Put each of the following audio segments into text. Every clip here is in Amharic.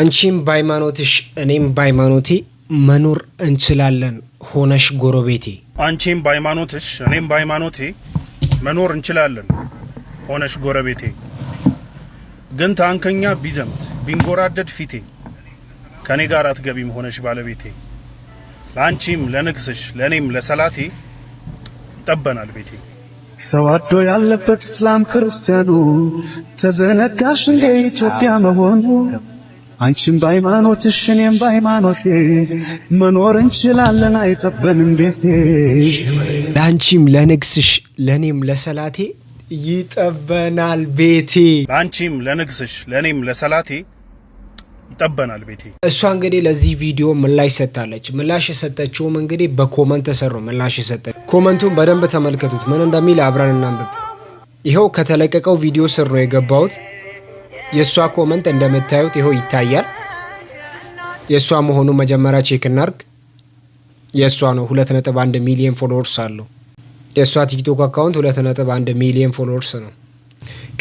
አንቺም በሃይማኖትሽ እኔም በሃይማኖቴ መኖር እንችላለን ሆነሽ ጎረቤቴ። አንቺም በሃይማኖትሽ እኔም በሃይማኖቴ መኖር እንችላለን ሆነሽ ጎረቤቴ። ግን ታንከኛ ቢዘምት ቢንጎራደድ ፊቴ ከእኔ ጋር አትገቢም ሆነሽ ባለቤቴ። ለአንቺም ለንግስሽ ለእኔም ለሰላቴ ይጠበናል ቤቴ። ሰው አዶ ያለበት እስላም ክርስቲያኑ ተዘነጋሽ እንደ ኢትዮጵያ መሆኑ አንቺም በሃይማኖትሽ እኔም በሃይማኖቴ መኖር እንችላለን፣ አይጠበንም ቤቴ። ለአንቺም ለንግስሽ ለእኔም ለሰላቴ ይጠበናል ቤቴ። ለአንቺም ለንግስሽ ለእኔም ለሰላቴ ይጠበናል ቤቴ። እሷ እንግዲህ ለዚህ ቪዲዮ ምላሽ ሰጥታለች። ምላሽ የሰጠችውም እንግዲህ በኮመንት ተሰሩ ምላሽ የሰጠ ኮመንቱን በደንብ ተመልከቱት ምን እንደሚል አብረን እናንብብ። ይኸው ከተለቀቀው ቪዲዮ ስር ነው የገባሁት። የእሷ ኮመንት እንደምታዩት ይኸው ይታያል። የእሷ መሆኑ መጀመሪያ ቼክ እናርግ። የእሷ ነው። ሁለት ነጥብ አንድ ሚሊየን ፎሎወርስ አለው። የእሷ ቲክቶክ አካውንት ሁለት ነጥብ አንድ ሚሊየን ፎሎወርስ ነው።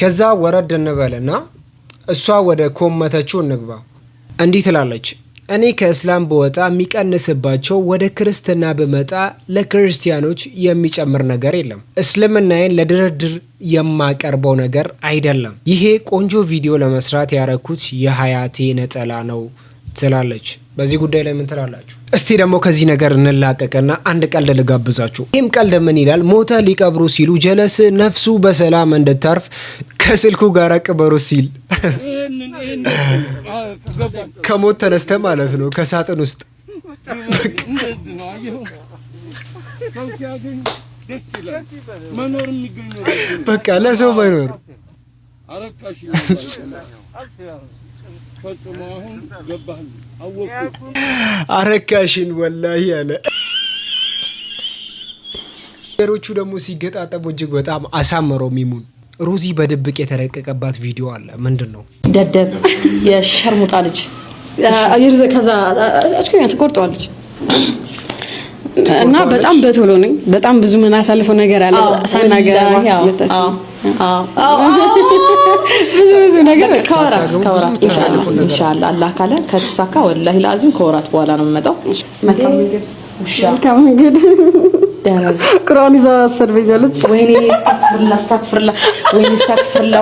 ከዛ ወረድ እንበልና እሷ ወደ ኮመተችው እንግባ። እንዲህ ትላለች እኔ ከእስላም ብወጣ የሚቀንስባቸው ወደ ክርስትና ብመጣ ለክርስቲያኖች የሚጨምር ነገር የለም። እስልምናዬን ለድርድር የማቀርበው ነገር አይደለም። ይሄ ቆንጆ ቪዲዮ ለመስራት ያረኩት የሀያቴ ነጠላ ነው። ትላለች። በዚህ ጉዳይ ላይ ምን ትላላችሁ? እስቲ ደግሞ ከዚህ ነገር እንላቀቅና አንድ ቀልድ ልጋብዛችሁ። ይህም ቀልድ ምን ይላል? ሞተ ሊቀብሩ ሲሉ ጀለስ ነፍሱ በሰላም እንድታርፍ ከስልኩ ጋር ቅበሩ ሲል ከሞት ተነስተ ማለት ነው ከሳጥን ውስጥ በቃ ለሰው መኖር ፈጽሞ አሁን ገባህ አወቅኩ አረካሽን ወላሂ አለ። ነገሮቹ ደግሞ ሲገጣጠሙ እጅግ በጣም አሳምረው ሚሙን ሮዚ በድብቅ የተረቀቀባት ቪዲዮ አለ። ምንድን ነው ደደብ የሸርሙጣ ልጅ ይርዘ ከዛ አጭቀኛ ትቆርጠዋለች እና በጣም በቶሎ ነኝ። በጣም ብዙ ምን አሳልፈው ነገር አለ ሳናገራ ብዙ ብዙ ነገር ከወራት ከወራት አላህ ካለ ከተሳካ ወላሂ ለአዚም ከወራት በኋላ ነው የምመጣው። መልካም መንገድ ቁርአን ይዛ ወይኔ ወይኔ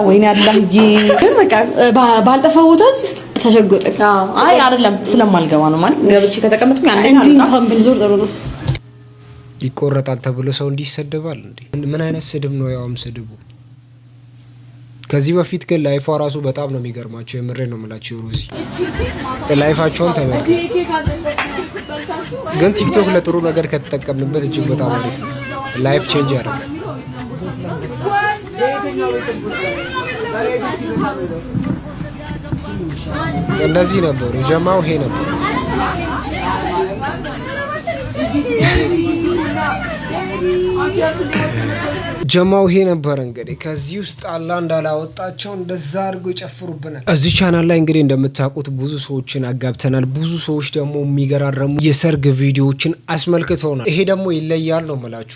ወይኔ አላህዬ በቃ ቦታ ውስጥ አይ አይደለም ስለማልገባ ነው ማለት ገብቼ ከተቀመጥኩኝ አንዴ እንኳን ብንዞር ጥሩ ነው። ይቆረጣል ተብሎ ሰው እንዲህ ይሰደባል እንዴ? ምን አይነት ስድብ ነው? ያውም ስድቡ ከዚህ በፊት ግን ላይፏ ራሱ በጣም ነው የሚገርማቸው። የምሬ ነው የምላቸው። ሮዚ ላይፋቸውን ተመልከቱ። ግን ቲክቶክ ለጥሩ ነገር ከተጠቀምንበት እጅግ በጣም አሪፍ ነው። ላይፍ ቼንጅ ያደርጋል። እንደዚህ ነበሩ ጀማው። ይሄ ነበር ጀማው ይሄ ነበረ እንግዲህ ከዚህ ውስጥ አላ እንዳላወጣቸው እንደዛ አድርጎ ይጨፍሩብናል። እዚህ ቻናል ላይ እንግዲህ እንደምታውቁት ብዙ ሰዎችን አጋብተናል። ብዙ ሰዎች ደግሞ የሚገራረሙ የሰርግ ቪዲዮዎችን አስመልክተውናል። ይሄ ደግሞ ይለያል ነው የምላችሁ።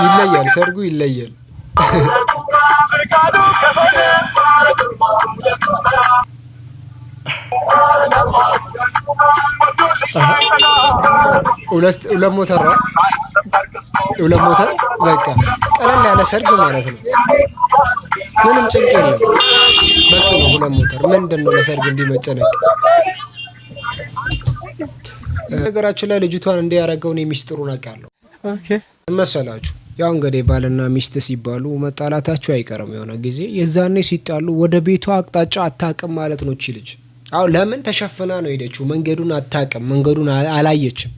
ይለያል፣ ሰርጉ ይለያል። ሁለት ሞተር ሁለት ሞተር በቃ ቀለል ያለ ሰርግ ማለት ነው። ምንም ጭንቅ የለም። በቂ ነው። ሁለት ሞተር ምንድን ነው ለሰርግ እንዲመጨነቅ ነገራችን ላይ ልጅቷን እንዲያረገውን ነቅ አውቃለሁ መሰላችሁ። ያው እንግዲህ ባልና ሚስት ሲባሉ መጣላታቸው አይቀርም። የሆነ ጊዜ የዛኔ ሲጣሉ ወደ ቤቷ አቅጣጫ አታቅም ማለት ነው። እቺ ልጅ አሁ ለምን ተሸፍና ነው ሄደችው? መንገዱን አታቅም መንገዱን አላየችም።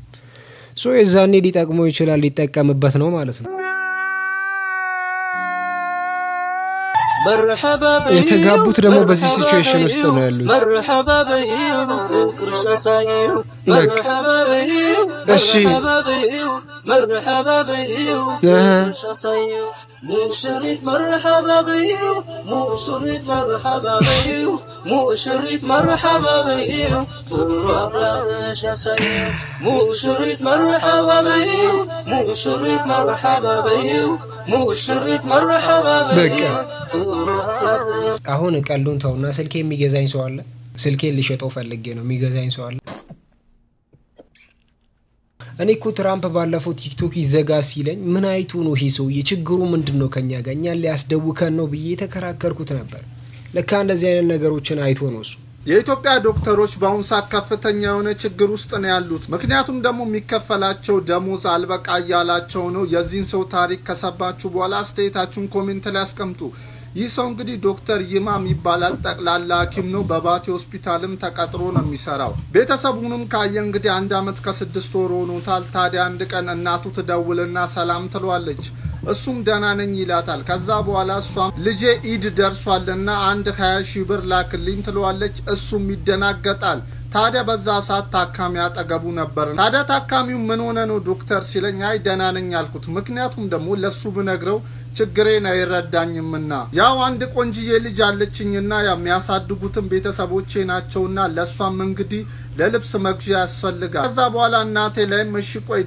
ሶ የዛኔ ሊጠቅመው ይችላል፣ ሊጠቀምበት ነው ማለት ነው። የተጋቡት ደግሞ በዚህ ሲቹዌሽን ውስጥ ነው ያሉት። እሺ በቃ አሁን ቀልዱን ተውና ስልኬ የሚገዛኝ ሰው አለ። ስልኬን ልሸጠው ፈልጌ ነው። የሚገዛኝ ሰው አለ። እኔ እኮ ትራምፕ ባለፈው ቲክቶክ ይዘጋ ሲለኝ ምን አይቱ ነው ይሄ ሰውዬ? ችግሩ ምንድን ነው ከኛ ጋር? እኛን ሊያስደውከን ነው ብዬ የተከራከርኩት ነበር። ልካ እንደዚህ አይነት ነገሮችን አይቶ ነው እሱ። የኢትዮጵያ ዶክተሮች በአሁኑ ሰዓት ከፍተኛ የሆነ ችግር ውስጥ ነው ያሉት። ምክንያቱም ደግሞ የሚከፈላቸው ደሞዝ አልበቃ እያላቸው ነው። የዚህን ሰው ታሪክ ከሰባችሁ በኋላ አስተያየታችሁን ኮሜንት ላይ አስቀምጡ። ይህ ሰው እንግዲህ ዶክተር ይማም ይባላል። ጠቅላላ ሐኪም ነው። በባቴ ሆስፒታልም ተቀጥሮ ነው የሚሰራው። ቤተሰቡንም ካየ እንግዲህ አንድ አመት ከስድስት ወር ሆኖታል። ታዲያ አንድ ቀን እናቱ ትደውልና ሰላም ትሏለች። እሱም ደህና ነኝ ይላታል። ከዛ በኋላ እሷም ልጄ ኢድ ደርሷልና አንድ ሀያ ሺ ብር ላክልኝ ትለዋለች። እሱም ይደናገጣል። ታዲያ በዛ ሰዓት ታካሚ አጠገቡ ነበር። ታዲያ ታካሚው ምን ሆነ ነው ዶክተር ሲለኝ አይ ደህና ነኝ አልኩት። ምክንያቱም ደግሞ ለሱ ብነግረው ችግሬን አይረዳኝምና ያው አንድ ቆንጅዬ ልጅ አለችኝና የሚያሳድጉትም ቤተሰቦቼ ናቸውና ለእሷም እንግዲህ ለልብስ መግዣ ያስፈልጋል። ከዛ በኋላ እናቴ ላይ እሺ ቆይ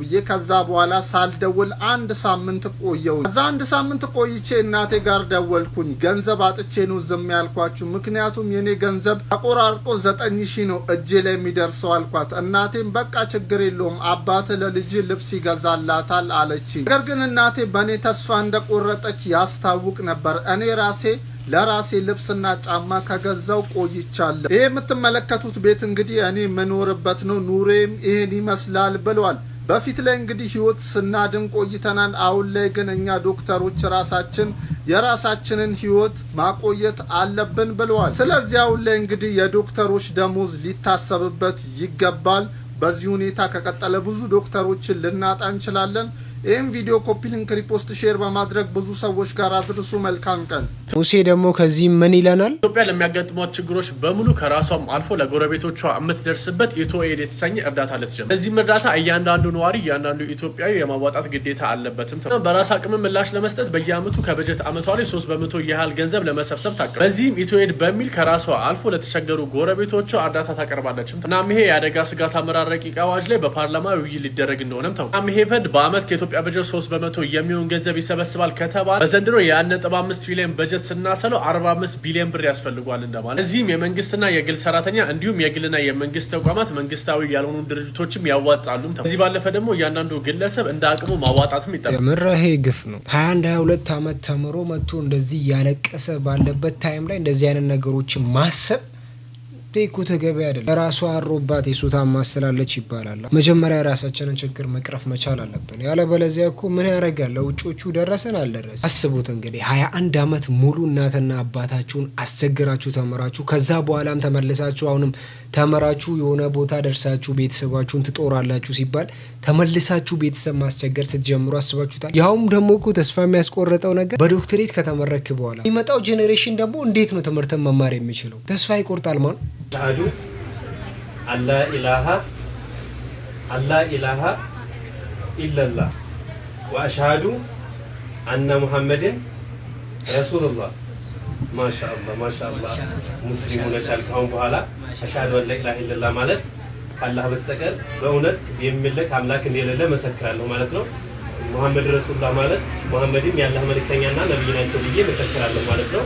ብዬ ከዛ በኋላ ሳልደውል አንድ ሳምንት ቆየው። ከዛ አንድ ሳምንት ቆይቼ እናቴ ጋር ደወልኩኝ። ገንዘብ አጥቼ ነው ዝም ያልኳችሁ፣ ምክንያቱም የኔ ገንዘብ ተቆራርጦ ዘጠኝ ሺ ነው እጄ ላይ የሚደርሰው አልኳት። እናቴም በቃ ችግር የለውም አባት ለልጅ ልብስ ይገዛላታል አለች። ነገር ግን እናቴ በእኔ ተስፋ እንደቆረጠች ያስታውቅ ነበር እኔ ራሴ ለራሴ ልብስና ጫማ ከገዛው ቆይቻለሁ። ይህ የምትመለከቱት ቤት እንግዲህ እኔ የምኖርበት ነው። ኑሬም ይህን ይመስላል ብለዋል። በፊት ላይ እንግዲህ ህይወት ስናድን ቆይተናል። አሁን ላይ ግን እኛ ዶክተሮች ራሳችን የራሳችንን ህይወት ማቆየት አለብን ብለዋል። ስለዚህ አሁን ላይ እንግዲህ የዶክተሮች ደሞዝ ሊታሰብበት ይገባል። በዚህ ሁኔታ ከቀጠለ ብዙ ዶክተሮችን ልናጣ እንችላለን። ይህም ቪዲዮ ኮፒ ሊንክ፣ ሪፖስት፣ ሼር በማድረግ ብዙ ሰዎች ጋር አድርሱ። መልካም ቀን። ሙሴ ደግሞ ከዚህ ምን ይለናል? ኢትዮጵያ ለሚያጋጥሟት ችግሮች በሙሉ ከራሷም አልፎ ለጎረቤቶቿ የምትደርስበት ኢትዮ ኤድ የተሰኘ እርዳታ ልትጀምር፣ በዚህም እርዳታ እያንዳንዱ ነዋሪ እያንዳንዱ ኢትዮጵያዊ የማዋጣት ግዴታ አለበትም። በራስ አቅም ምላሽ ለመስጠት በየአመቱ ከበጀት አመቷ ላይ ሶስት በመቶ ያህል ገንዘብ ለመሰብሰብ ታቅ በዚህም ኢትዮ ኤድ በሚል ከራሷ አልፎ ለተቸገሩ ጎረቤቶቿ እርዳታ ታቀርባለችም። እናም ይሄ የአደጋ ስጋት አመራር ረቂቅ አዋጅ ላይ በፓርላማ ውይይት ሊደረግ እንደሆነም ተው ይሄ ፈንድ በአመት ከኢትዮጵያ የኢትዮጵያ በጀት ሶስት በመቶ የሚሆን ገንዘብ ይሰበስባል ከተባለ በዘንድሮ የ1.5 ቢሊዮን በጀት ስናሰለው 45 ቢሊዮን ብር ያስፈልጓል እንደማለት። እዚህም የመንግስትና የግል ሰራተኛ እንዲሁም የግልና የመንግስት ተቋማት መንግስታዊ ያልሆኑ ድርጅቶችም ያዋጣሉ። ከዚህ ባለፈ ደግሞ እያንዳንዱ ግለሰብ እንደ አቅሙ ማዋጣትም ይጠበቃል። ምራሄ ግፍ ነው። 21 22 ሀያ አመት ተምሮ መጥቶ እንደዚህ እያለቀሰ ባለበት ታይም ላይ እንደዚህ አይነት ነገሮችን ማሰብ እኮ ተገቢ አይደለም። የራሷ አሮባት የሱታ ታማስላለች ይባላል። መጀመሪያ የራሳችንን ችግር መቅረፍ መቻል አለብን። ያለበለዚያ እኮ ምን ያደርጋል? ለውጮቹ ደረሰን አልደረሰ። አስቡት እንግዲህ ሀያ አንድ አመት ሙሉ እናትና አባታችሁን አስቸግራችሁ ተምራችሁ ከዛ በኋላም ተመልሳችሁ አሁንም ተመራችሁ የሆነ ቦታ ደርሳችሁ ቤተሰባችሁን ትጦራላችሁ ሲባል ተመልሳችሁ ቤተሰብ ማስቸገር ስትጀምሩ አስባችሁታል? ያውም ደግሞ እኮ ተስፋ የሚያስቆረጠው ነገር በዶክትሬት ከተመረክ በኋላ የሚመጣው ጄኔሬሽን ደግሞ እንዴት ነው ትምህርትን መማር የሚችለው? ተስፋ ይቆርጣል። ማን ዱ አላ ኢላሃ አላ ኢላሃ አነ ሙሐመድን ረሱሉላህ ማሻአላ ማሻአላ ሙስሊም ሆነሻል። ካሁን በኋላ አሻዱ አን ላ ኢላሀ ኢለላህ ማለት ካላህ በስተቀር በእውነት የሚመለክ አምላክ እንደሌለ መሰክራለሁ ማለት ነው። መሐመድ ረሱሉላህ ማለት መሐመድም ያላህ መልእክተኛና ነብይ ናቸው ብዬ መሰክራለሁ ማለት ነው።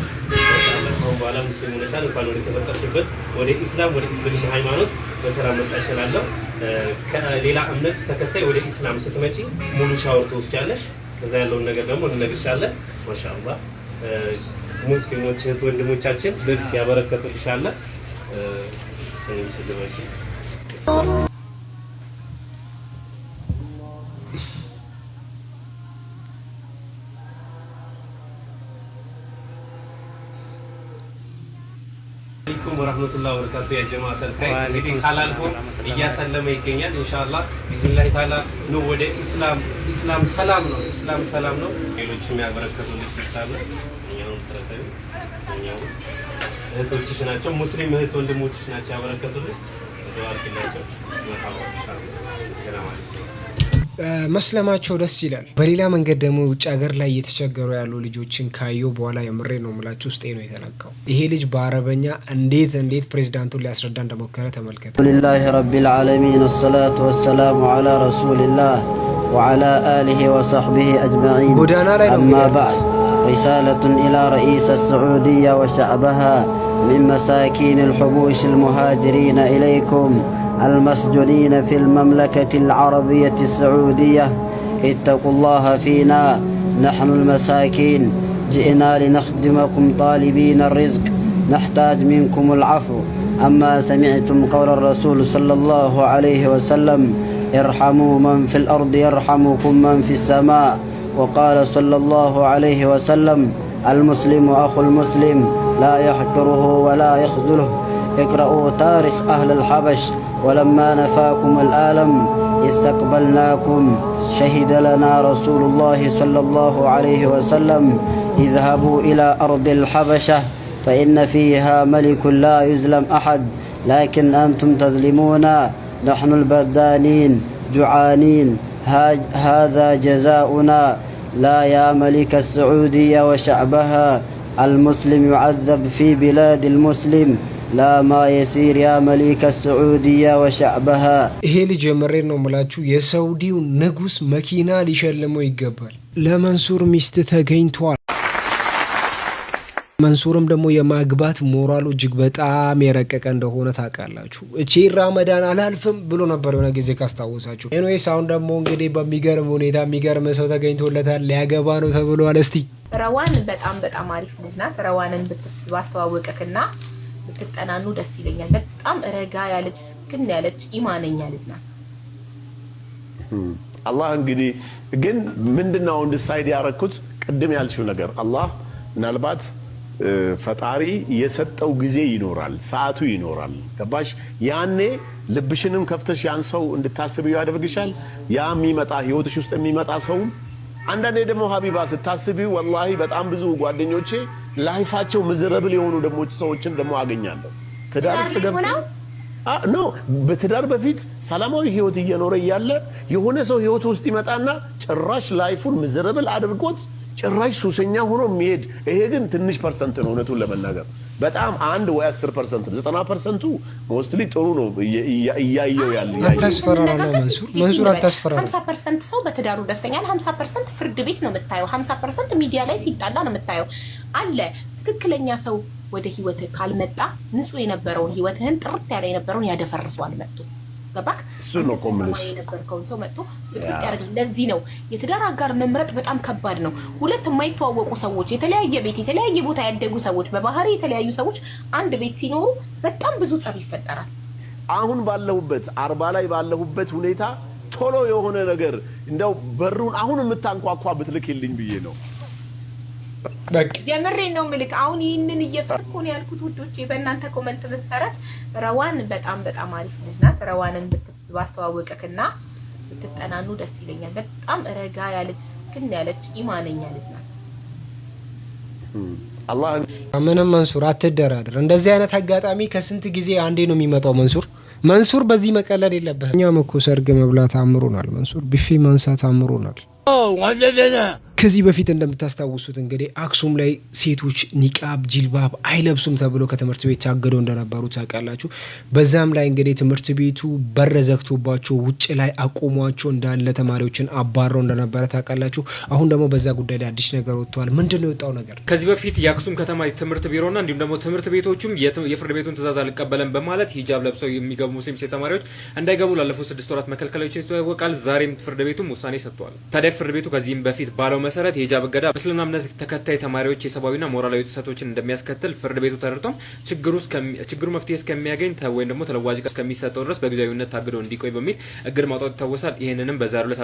ካሁን በኋላ ሙስሊም ሆነሻል። እንኳን ወደ ተፈጠርሽበት ወደ ኢስላም ወደ እስልምና ሃይማኖት በሰላም መጣሽ ከሌላ እምነት ተከታይ ወደ ኢስላም ስትመጪ ሙሉ ሻወር ትወስጃለሽ። ከዛ ያለውን ነገር ደግሞ እንነግርሻለን። ማሻአላ ሙስሊሞች እህት ወንድሞቻችን ልብስ ያበረከቱልሻል። አለይኩም ወራህመቱላሂ ወበረካቱ ያ ጀማዓ ተልካይ እንግዲህ ካላልኩ እያሰለመ ይገኛል። ኢንሻአላህ ቢዝኒላህ ታላ ነው ወደ ኢስላም ኢስላም ሰላም ነው። ኢስላም ሰላም ነው። ሌሎችም ያበረከቱልሽ ይችላል። ይመስለኛል። እህቶችሽ ናቸው፣ ሙስሊም እህት ወንድሞችሽ ናቸው ያበረከቱልሽ። መስለማቸው ደስ ይላል። በሌላ መንገድ ደግሞ ውጭ ሀገር ላይ እየተቸገሩ ያሉ ልጆችን ካየሁ በኋላ የምሬ ነው ምላቸው ውስጤ ነው የተነካው። ይሄ ልጅ በአረበኛ እንዴት እንዴት ፕሬዚዳንቱን ሊያስረዳ እንደሞከረ ተመልከተ። ረቢል ዓለሚን አሰላቱ ወሰላሙ ዓላ ረሱሊላህ ወዓላ አሊሂ ወሰሕቢሂ አጅማዒን ጎዳና ላይ ነው رسالة إلى رئيس السعودية وشعبها من مساكين الحبوش المهاجرين إليكم المسجونين في المملكة العربية السعودية اتقوا الله فينا نحن المساكين جئنا لنخدمكم طالبين الرزق نحتاج منكم العفو أما سمعتم قول الرسول صلى الله عليه وسلم ارحموا من في الأرض يرحمكم من في السماء وقال صلى الله عليه وسلم المسلم أخو المسلم لا يحقره ولا يخذله اقرأوا تاريخ أهل الحبش ولما نفاكم الآلم استقبلناكم شهد لنا رسول الله صلى الله عليه وسلم اذهبوا إلى أرض الحبشة فإن فيها ملك لا يظلم أحد لكن أنتم تظلمونا نحن البردانين جعانين هذا جزاؤنا لا يا ملك السعودية وشعبها المسلم يعذب في بلاد المسلم لا ما يسير يا ملك السعودية وشعبها ይሄ ልጅ የመሬን ነው ምላችሁ የሳውዲው ንጉስ መኪና ሊሸልመው ይገባል። ለመንሱር ሚስት ተገኝቷል። መንሱርም ደግሞ የማግባት ሞራሉ እጅግ በጣም የረቀቀ እንደሆነ ታውቃላችሁ። እቺ ራመዳን አላልፍም ብሎ ነበር የሆነ ጊዜ ካስታወሳችሁ። ኤንዌይስ አሁን ደግሞ እንግዲህ በሚገርም ሁኔታ የሚገርም ሰው ተገኝቶለታል፣ ሊያገባ ነው ተብሏል። እስቲ ረዋን በጣም በጣም አሪፍ ልጅ ናት። ረዋንን ባስተዋወቀክና ብትጠናኑ ደስ ይለኛል። በጣም ረጋ ያለች ስክን ያለች ኢማነኛ ልጅ ናት። አላህ እንግዲህ ግን ምንድነው እንድሳይድ ያረግኩት ቅድም ያልሽው ነገር አላህ ምናልባት ፈጣሪ የሰጠው ጊዜ ይኖራል፣ ሰዓቱ ይኖራል። ገባሽ? ያኔ ልብሽንም ከፍተሽ ያን ሰው እንድታስቢው ያደርግሻል። ያ የሚመጣ ህይወትሽ ውስጥ የሚመጣ ሰውም አንዳንዴ ደግሞ ሀቢባ ስታስቢው ወላሂ በጣም ብዙ ጓደኞቼ ላይፋቸው ምዝረብል የሆኑ ደሞ ሰዎችን ደሞ አገኛለሁ። ትዳር ኖ በትዳር በፊት ሰላማዊ ህይወት እየኖረ እያለ የሆነ ሰው ህይወት ውስጥ ይመጣና ጭራሽ ላይፉን ምዝረብል አድርጎት ጭራሽ ሱሰኛ ሆኖ የሚሄድ ይሄ ግን ትንሽ ፐርሰንት ነው። እውነቱን ለመናገር በጣም አንድ ወይ አስር ፐርሰንት ነው። ዘጠና ፐርሰንቱ ሞስትሊ ጥሩ ነው። እያየው ያለ ነው መንሱር መንሱር አታስፈራራ። ሀምሳ ፐርሰንት ሰው በትዳሩ ደስተኛል። ሀምሳ ፐርሰንት ፍርድ ቤት ነው የምታየው። ሀምሳ ፐርሰንት ሚዲያ ላይ ሲጣላ ነው የምታየው። አለ ትክክለኛ ሰው ወደ ህይወትህ ካልመጣ ንጹህ የነበረውን ህይወትህን ጥርት ያለ የነበረውን ያደፈርሰዋል መጥቶ ገባክ? እሱ ነው ኮምልሽ የምልሽ። የነበርከውን ሰው መጥቶ ብጥብጥ ያደርጋል። ለዚህ ነው የትዳር አጋር መምረጥ በጣም ከባድ ነው። ሁለት የማይተዋወቁ ሰዎች፣ የተለያየ ቤት፣ የተለያየ ቦታ ያደጉ ሰዎች፣ በባህሪ የተለያዩ ሰዎች አንድ ቤት ሲኖሩ በጣም ብዙ ጸብ ይፈጠራል። አሁን ባለሁበት አርባ ላይ ባለሁበት ሁኔታ ቶሎ የሆነ ነገር እንደው በሩን አሁን የምታንኳኳ ብትልክልኝ ብዬ ነው የምሬ ነው ምልክ አሁን ይህንን እየፈርኮን ያልኩት ውዶች፣ በእናንተ ኮመንት መሰረት ረዋን በጣም በጣም አሪፍ ልጅ ናት። ረዋንን ባስተዋወቀክና ብትጠናኑ ደስ ይለኛል። በጣም ረጋ ያለች ስክን ያለች ኢማነኛ ልጅ ናት። ምንም መንሱር አትደራድር። እንደዚህ አይነት አጋጣሚ ከስንት ጊዜ አንዴ ነው የሚመጣው። መንሱር መንሱር በዚህ መቀለል የለበት። እኛም እኮ ሰርግ መብላት አምሮናል። መንሱር ቢፌ ማንሳት አምሮናል። ከዚህ በፊት እንደምታስታውሱት እንግዲህ አክሱም ላይ ሴቶች ኒቃብ፣ ጅልባብ አይለብሱም ተብሎ ከትምህርት ቤት ታገደው እንደነበሩ ታውቃላችሁ። በዛም ላይ እንግዲህ ትምህርት ቤቱ በር ዘግቶባቸው ውጭ ላይ አቁሟቸው እንዳለ ተማሪዎችን አባረው እንደነበረ ታውቃላችሁ። አሁን ደግሞ በዛ ጉዳይ ላይ አዲስ ነገር ወጥተዋል። ምንድን ነው የወጣው ነገር? ከዚህ በፊት የአክሱም ከተማ ትምህርት ቢሮና እንዲሁም ደግሞ ትምህርት ቤቶቹም የፍርድ ቤቱን ትእዛዝ አልቀበለም በማለት ሂጃብ ለብሰው የሚገቡ ሙስሊም ሴት ተማሪዎች እንዳይገቡ ላለፉት ስድስት ወራት መከልከላቸው ይታወቃል። ዛሬም ፍርድ ቤቱም ውሳኔ ሰጥቷል። ታዲያ ፍርድ ቤቱ ከዚህም በፊት ባለው መሰረት የሂጃብ እገዳ በእስልምና እምነት ተከታይ ተማሪዎች የሰብአዊና ሞራላዊ ጥሰቶችን እንደሚያስከትል ፍርድ ቤቱ ተረድቶም ችግሩ መፍትሄ እስከሚያገኝ ወይም ደግሞ ተለዋጭ እስከሚሰጠው ድረስ በጊዜያዊነት ታግዶ እንዲቆይ በሚል እግድ ማውጣቱ ይታወሳል። ይህንንም በዛሬው ዕለት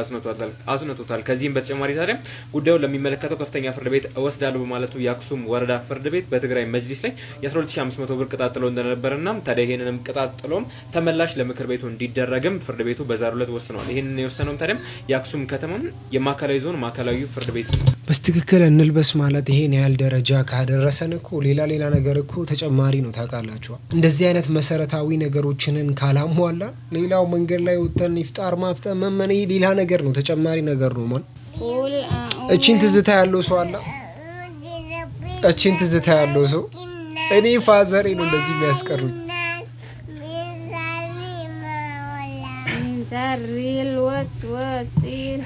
አጽንቶታል። ከዚህም በተጨማሪ ታዲያ ጉዳዩን ለሚመለከተው ከፍተኛ ፍርድ ቤት እወስዳለሁ በማለቱ የአክሱም ወረዳ ፍርድ ቤት በትግራይ መጅሊስ ላይ የ12500 ብር ቅጣት ጥሎ እንደነበረና ታዲያ ይህንንም ቅጣት ጥሎም ተመላሽ ለምክር ቤቱ እንዲደረግም ፍርድ ቤቱ በዛሬው ዕለት ወስነዋል። ይህንን የወሰነውም ታዲያም የአክሱም ከተማም የማዕከላዊ ዞን ማዕከላዊ ፍርድ ቤት በስትክክል እንልበስ ማለት ይሄን ያህል ደረጃ ካደረሰን እኮ ሌላ ሌላ ነገር እኮ ተጨማሪ ነው። ታውቃላችሁ እንደዚህ አይነት መሰረታዊ ነገሮችንን ካላሟላ ሌላው መንገድ ላይ ወጥተን ይፍጣር ማፍጠ መመን ሌላ ነገር ነው፣ ተጨማሪ ነገር ነው። ማን እቺን ትዝታ ያለው ሰው አለ። እቺን ትዝታ ያለው ሰው እኔ ፋዘሬ ነው እንደዚህ የሚያስቀሩኝ። ዛሪል ወስወሲል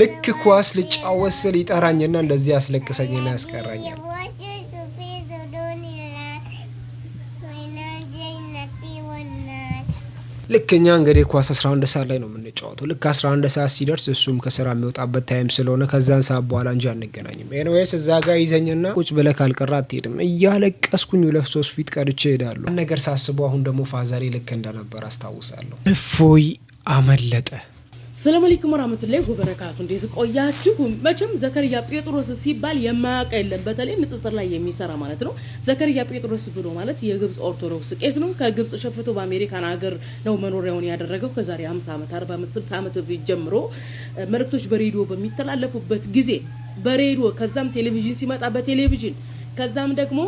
ልክ ኳስ ልጫወት ስል ይጠራኝና እንደዚህ ያስለቅሰኝና ያስቀራኛል። ልክ እኛ እንግዲህ ኳስ 11 ሰዓት ላይ ነው የምንጫወተው። ልክ 11 ሰዓት ሲደርስ እሱም ከስራ የሚወጣበት ታይም ስለሆነ ከዛን ሰዓት በኋላ እንጂ አንገናኝም። ኤንዌስ እዛ ጋር ይዘኝና ቁጭ ብለህ ካልቀራ አትሄድም። እያለቀስኩኝ ሁለት ሶስት ፊት ቀርቼ እሄዳለሁ። ነገር ሳስበው አሁን ደግሞ ፋዛሬ ልክ እንደነበር አስታውሳለሁ። እፎይ አመለጠ። ሰላም አለይኩም ወራህመቱላሂ ወበረካቱ። እንዴት ቆያችሁ? መቼም ዘከርያ ጴጥሮስ ሲባል የማያውቅ የለም። በተለይ ንጽጽር ላይ የሚሰራ ማለት ነው። ዘከሪያ ጴጥሮስ ብሎ ማለት የግብጽ ኦርቶዶክስ ቄስ ነው። ከግብጽ ሸፍቶ በአሜሪካን ሀገር ነው መኖሪያውን ያደረገው። ከዛሬ 50 ዓመት 45 60 ዓመት ጀምሮ መልእክቶች በሬዲዮ በሚተላለፉበት ጊዜ በሬዲዮ ከዛም ቴሌቪዥን ሲመጣ በቴሌቪዥን ከዛም ደግሞ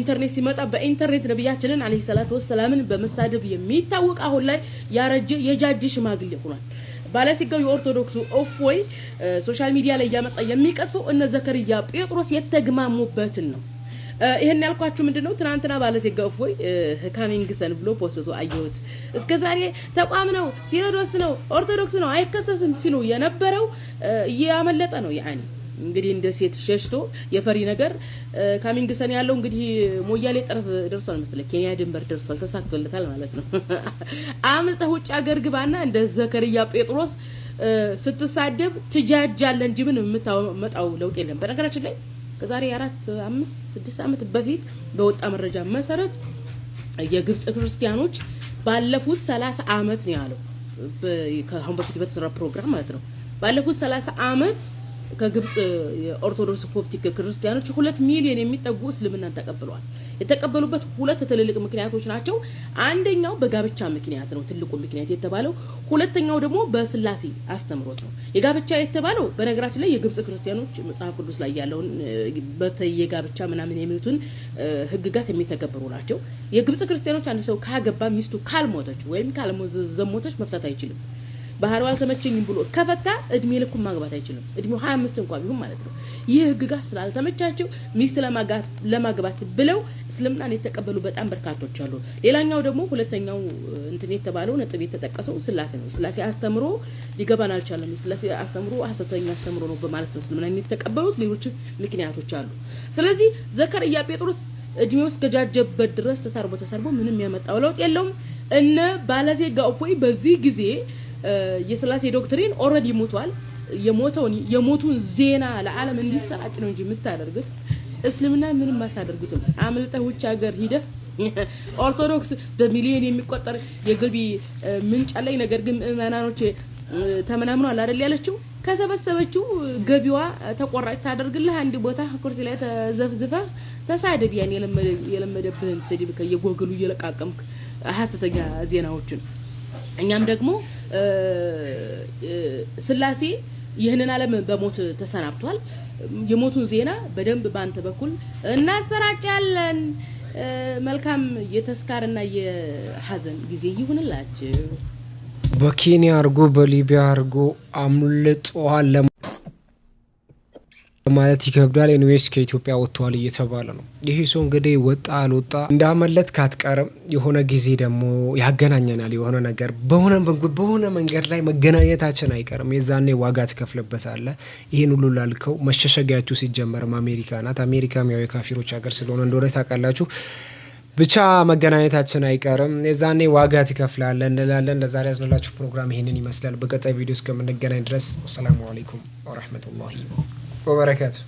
ኢንተርኔት ሲመጣ በኢንተርኔት ነቢያችንን አለይሂ ሰላቱ ወሰላምን በመሳደብ የሚታወቅ አሁን ላይ ያረጀ የጃጅ ሽማግሌ ሆኗል። ባለሲጋው የኦርቶዶክሱ እፎይ ሶሻል ሚዲያ ላይ እያመጣ የሚቀጥፈው እነ ዘከርያ ጴጥሮስ የተግማሙበትን ነው። ይሄን ያልኳችሁ ምንድነው? ትናንትና ባለሴጋው እፎይ ካሚንግ ሰን ብሎ ፖስቶ አየሁት። እስከ ዛሬ ተቋም ነው ሲኖዶስ ነው ኦርቶዶክስ ነው አይከሰስም ሲሉ የነበረው እያመለጠ ነው ያኔ እንግዲህ እንደ ሴት ሸሽቶ የፈሪ ነገር ካሚንግ ያለው እንግዲህ ሞያሌ ጠረፍ ደርሷል መሰለኝ፣ ኬንያ ድንበር ደርሷል። ተሳክቶለታል ማለት ነው። አምልጠ ውጭ ሀገር ግባና እንደ ዘከርያ ጴጥሮስ ስትሳደብ ትጃጃለ እንጂ ምን የምታመጣው ለውጥ የለም። በነገራችን ላይ ከዛሬ አራት አምስት ስድስት ዓመት በፊት በወጣ መረጃ መሰረት የግብጽ ክርስቲያኖች ባለፉት ሰላሳ አመት ነው ያለው ከአሁን በፊት በተሰራ ፕሮግራም ማለት ነው ባለፉት ሰላሳ አመት። ከግብፅ የኦርቶዶክስ ኮፕቲክ ክርስቲያኖች ሁለት ሚሊዮን የሚጠጉ እስልምናን ተቀብለዋል። የተቀበሉበት ሁለት ትልልቅ ምክንያቶች ናቸው። አንደኛው በጋብቻ ምክንያት ነው፣ ትልቁ ምክንያት የተባለው። ሁለተኛው ደግሞ በስላሴ አስተምሮት ነው። የጋብቻ የተባለው በነገራችን ላይ የግብፅ ክርስቲያኖች መጽሐፍ ቅዱስ ላይ ያለውን በየጋብቻ ምናምን የሚሉትን ሕግጋት የሚተገብሩ ናቸው። የግብፅ ክርስቲያኖች አንድ ሰው ካገባ ሚስቱ ካልሞተች ወይም ካልዘሞተች መፍታት አይችልም። ባህሪው አልተመቸኝም ብሎ ከፈታ እድሜ ልኩን ማግባት አይችልም። እድሜው ሀያ አምስት እንኳ ቢሆን ማለት ነው። ይህ ህግጋት ስላልተመቻቸው ሚስት ለማግባት ብለው እስልምናን የተቀበሉ በጣም በርካቶች አሉ። ሌላኛው ደግሞ ሁለተኛው እንትን የተባለው ነጥብ የተጠቀሰው ስላሴ ነው። ስላሴ አስተምሮ ሊገባን አልቻለም። ስላሴ አስተምሮ ሀሰተኛ አስተምሮ ነው በማለት ነው እስልምናን የተቀበሉት። ሌሎች ምክንያቶች አሉ። ስለዚህ ዘከርያ ጴጥሮስ እድሜው እስከጃጀበት ድረስ ተሳርቦ ተሳርቦ ምንም ያመጣው ለውጥ የለውም። እነ ባለዜጋ እፎይ በዚህ ጊዜ የስላሴ ዶክትሪን ኦልሬዲ ሞቷል። የሞተውን የሞቱን ዜና ለዓለም እንዲሰራጭ ነው እንጂ የምታደርጉት እስልምና ምንም አታደርጉትም። አምልጠህ ውጭ ሀገር ሂደህ ኦርቶዶክስ በሚሊዮን የሚቆጠር የገቢ ምንጭ አለኝ፣ ነገር ግን ምዕመናኖች ተመናምኗል አይደል ያለችው ከሰበሰበችው ገቢዋ ተቆራጭ ታደርግልህ። አንድ ቦታ ኩርሲ ላይ ተዘፍዝፈህ ተሳደብ። ያን የለመደብህን ስድብ ከየጎግሉ እየለቃቀምክ ሀሰተኛ ዜናዎችን እኛም ደግሞ ስላሴ ይህንን ዓለም በሞት ተሰናብቷል። የሞቱን ዜና በደንብ በአንተ በኩል እናሰራጫለን። መልካም የተስካርና የሀዘን ጊዜ ይሁንላችሁ። በኬንያ አርጎ በሊቢያ አርጎ አምልጠዋል። ማለት ይከብዳል። ኤንዌስ ከኢትዮጵያ ወጥተዋል እየተባለ ነው። ይህ ሰው እንግዲህ ወጣ አልወጣ እንዳመለት ካትቀርም የሆነ ጊዜ ደግሞ ያገናኘናል። የሆነ ነገር በሆነ በሆነ መንገድ ላይ መገናኘታችን አይቀርም። የዛኔ ዋጋ ትከፍልበታለ ይህን ሁሉ ላልከው መሸሸጊያችሁ ሲጀመርም አሜሪካ ናት። አሜሪካም ያው የካፊሮች ሀገር ስለሆነ እንደሆነ ታውቃላችሁ። ብቻ መገናኘታችን አይቀርም። የዛኔ ዋጋ ትከፍላለ እንላለን። ለዛሬ ያዝንላችሁ ፕሮግራም ይህንን ይመስላል። በቀጣይ ቪዲዮ እስከምንገናኝ ድረስ ወሰላሙ አሌይኩም ወረህመቱላሂ Boa barakato.